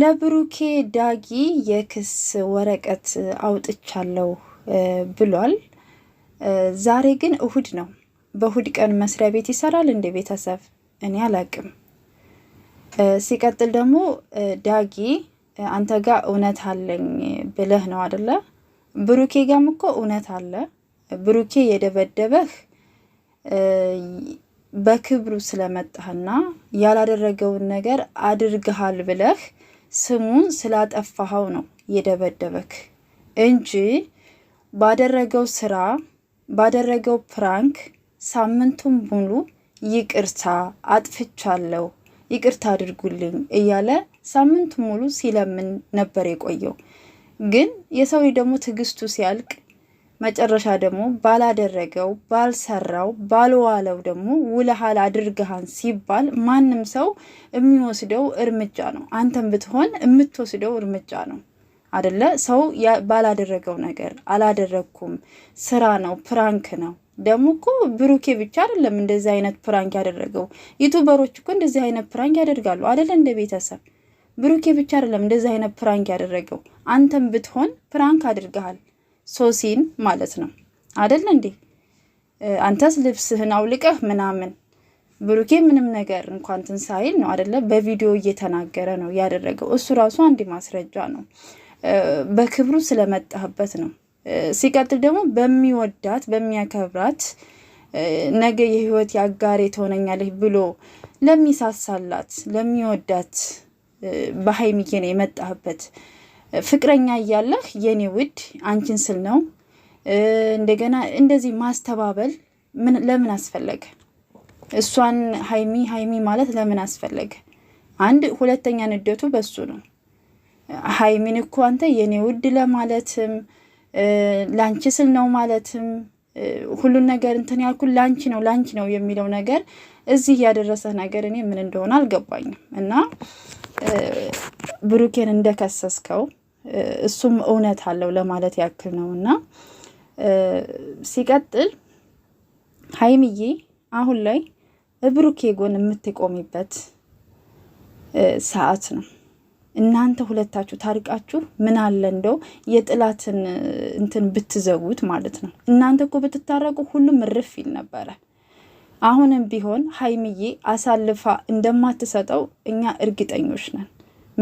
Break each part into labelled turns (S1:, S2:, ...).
S1: ለብሩኬ ዳጊ የክስ ወረቀት አውጥቻለሁ ብሏል። ዛሬ ግን እሁድ ነው። በእሁድ ቀን መስሪያ ቤት ይሰራል እንደ ቤተሰብ እኔ አላቅም። ሲቀጥል ደግሞ ዳጊ አንተ ጋር እውነት አለኝ ብለህ ነው አደለ? ብሩኬ ጋም እኮ እውነት አለ። ብሩኬ የደበደበህ በክብሩ ስለመጣህና ያላደረገውን ነገር አድርግሃል ብለህ ስሙን ስላጠፋኸው ነው የደበደበክ እንጂ ባደረገው ስራ ባደረገው ፕራንክ ሳምንቱን ሙሉ ይቅርታ አጥፍቻለሁ፣ ይቅርታ አድርጉልኝ እያለ ሳምንቱ ሙሉ ሲለምን ነበር የቆየው። ግን የሰው ደግሞ ትዕግስቱ ሲያልቅ መጨረሻ ደግሞ ባላደረገው ባልሰራው ባልዋለው ደግሞ ውለሃል አድርገሃን ሲባል ማንም ሰው የሚወስደው እርምጃ ነው። አንተም ብትሆን የምትወስደው እርምጃ ነው አደለ? ሰው ባላደረገው ነገር አላደረግኩም፣ ስራ ነው፣ ፕራንክ ነው። ደግሞ እኮ ብሩኬ ብቻ አይደለም እንደዚህ አይነት ፕራንክ ያደረገው። ዩቱበሮች እኮ እንደዚህ አይነት ፕራንክ ያደርጋሉ አደለ? እንደ ቤተሰብ ብሩኬ ብቻ አይደለም እንደዚህ አይነት ፕራንክ ያደረገው። አንተም ብትሆን ፕራንክ አድርገሃል። ሶሲን ማለት ነው አደል እንዴ? አንተስ ልብስህን አውልቀህ ምናምን ብሩኬ ምንም ነገር እንኳን ሳይል ነው አደለ? በቪዲዮ እየተናገረ ነው ያደረገው። እሱ ራሱ አንድ ማስረጃ ነው፣ በክብሩ ስለመጣህበት ነው። ሲቀጥል ደግሞ በሚወዳት በሚያከብራት ነገ የህይወት አጋሬ ትሆነኛለች ብሎ ለሚሳሳላት ለሚወዳት በሀይሚዬ ነው የመጣህበት። ፍቅረኛ እያለህ የኔ ውድ አንቺን ስል ነው እንደገና እንደዚህ ማስተባበል ለምን አስፈለገ? እሷን ሀይሚ ሀይሚ ማለት ለምን አስፈለገ? አንድ ሁለተኛ ንደቱ በሱ ነው። ሀይሚን እኮ አንተ የኔ ውድ ለማለትም ላንቺ ስል ነው ማለትም ሁሉን ነገር እንትን ያልኩ ላንቺ ነው ላንቺ ነው የሚለው ነገር እዚህ ያደረሰ ነገር እኔ ምን እንደሆነ አልገባኝም። እና ብሩኬን እንደከሰስከው እሱም እውነት አለው ለማለት ያክል ነው። እና ሲቀጥል ሀይምዬ አሁን ላይ እብሩኬ ጎን የምትቆሚበት ሰዓት ነው። እናንተ ሁለታችሁ ታርቃችሁ ምን አለ እንደው የጥላትን እንትን ብትዘጉት ማለት ነው። እናንተ እኮ ብትታረቁ ሁሉም እርፍ ይል ነበረ። አሁንም ቢሆን ሀይምዬ አሳልፋ እንደማትሰጠው እኛ እርግጠኞች ነን።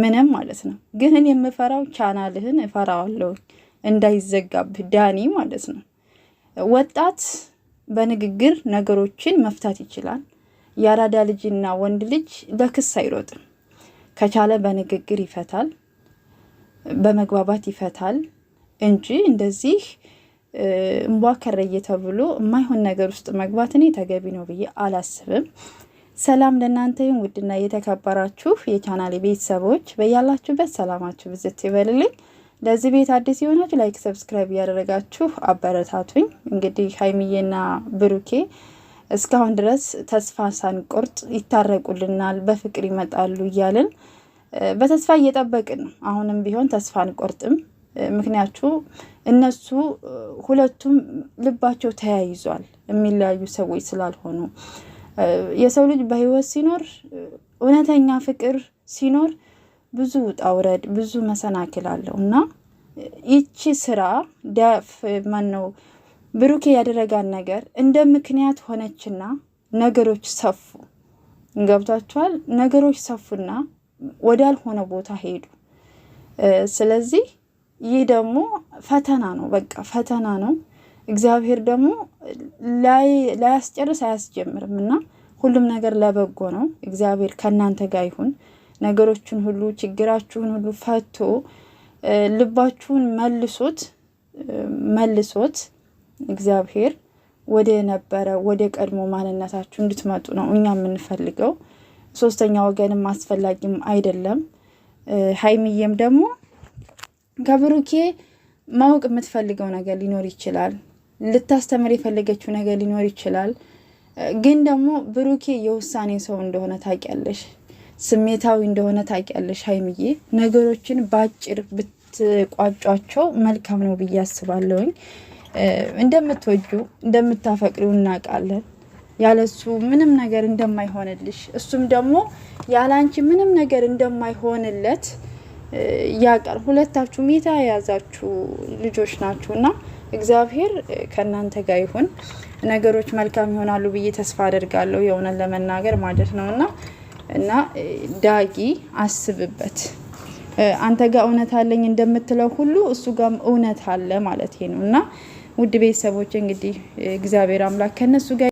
S1: ምንም ማለት ነው። ግን እኔ የምፈራው ቻናልህን እፈራዋለሁ እንዳይዘጋብህ ዳኒ ማለት ነው። ወጣት በንግግር ነገሮችን መፍታት ይችላል። የአራዳ ልጅና ወንድ ልጅ ለክስ አይሮጥም። ከቻለ በንግግር ይፈታል፣ በመግባባት ይፈታል እንጂ እንደዚህ እንቧ ከረየ ተብሎ የማይሆን ነገር ውስጥ መግባት እኔ ተገቢ ነው ብዬ አላስብም። ሰላም ለእናንተ ይሁን ውድና የተከበራችሁ የቻናል ቤተሰቦች በያላችሁበት ሰላማችሁ ብዝት ይበልልኝ። ለዚህ ቤት አዲስ የሆናችሁ ላይክ፣ ሰብስክራይብ እያደረጋችሁ አበረታቱኝ። እንግዲህ ሀይሚዬና ብሩኬ እስካሁን ድረስ ተስፋ ሳንቆርጥ ይታረቁልናል፣ በፍቅር ይመጣሉ እያልን በተስፋ እየጠበቅን ነው። አሁንም ቢሆን ተስፋ አንቆርጥም። ምክንያቱ እነሱ ሁለቱም ልባቸው ተያይዟል፣ የሚለያዩ ሰዎች ስላልሆኑ የሰው ልጅ በህይወት ሲኖር እውነተኛ ፍቅር ሲኖር ብዙ ውጣ ውረድ ብዙ መሰናክል አለው እና ይቺ ስራ ደፍ ማነው ብሩኬ ያደረጋን ነገር እንደ ምክንያት ሆነችና ነገሮች ሰፉ። ገብቷችኋል? ነገሮች ሰፉና ወዳልሆነ ቦታ ሄዱ። ስለዚህ ይህ ደግሞ ፈተና ነው፣ በቃ ፈተና ነው። እግዚአብሔር ደግሞ ላያስጨርስ አያስጀምርም እና ሁሉም ነገር ለበጎ ነው። እግዚአብሔር ከእናንተ ጋር ይሁን። ነገሮችን ሁሉ ችግራችሁን ሁሉ ፈቶ ልባችሁን መልሶት መልሶት እግዚአብሔር ወደ ነበረ ወደ ቀድሞ ማንነታችሁ እንድትመጡ ነው እኛ የምንፈልገው። ሶስተኛ ወገንም አስፈላጊም አይደለም። ሀይሚዬም ደግሞ ከብሩኬ ማወቅ የምትፈልገው ነገር ሊኖር ይችላል። ልታስተምር የፈለገችው ነገር ሊኖር ይችላል። ግን ደግሞ ብሩኬ የውሳኔ ሰው እንደሆነ ታውቂያለሽ፣ ስሜታዊ እንደሆነ ታውቂያለሽ። ሀይምዬ ነገሮችን በአጭር ብትቋጯቸው መልካም ነው ብዬ አስባለሁኝ። እንደምትወጁ እንደምታፈቅሪው እናውቃለን። ያለሱ ምንም ነገር እንደማይሆንልሽ እሱም ደግሞ ያለ አንቺ ምንም ነገር እንደማይሆንለት ሁለታችሁ ሜታ የተያያዛችሁ ልጆች ናችሁ እና እግዚአብሔር ከእናንተ ጋር ይሁን። ነገሮች መልካም ይሆናሉ ብዬ ተስፋ አደርጋለሁ። የሆነን ለመናገር ማለት ነው እና እና ዳጊ አስብበት። አንተ ጋር እውነት አለኝ እንደምትለው ሁሉ እሱ ጋም እውነት አለ ማለት ነው እና ውድ ቤተሰቦች እንግዲህ እግዚአብሔር አምላክ ከእነሱ ጋር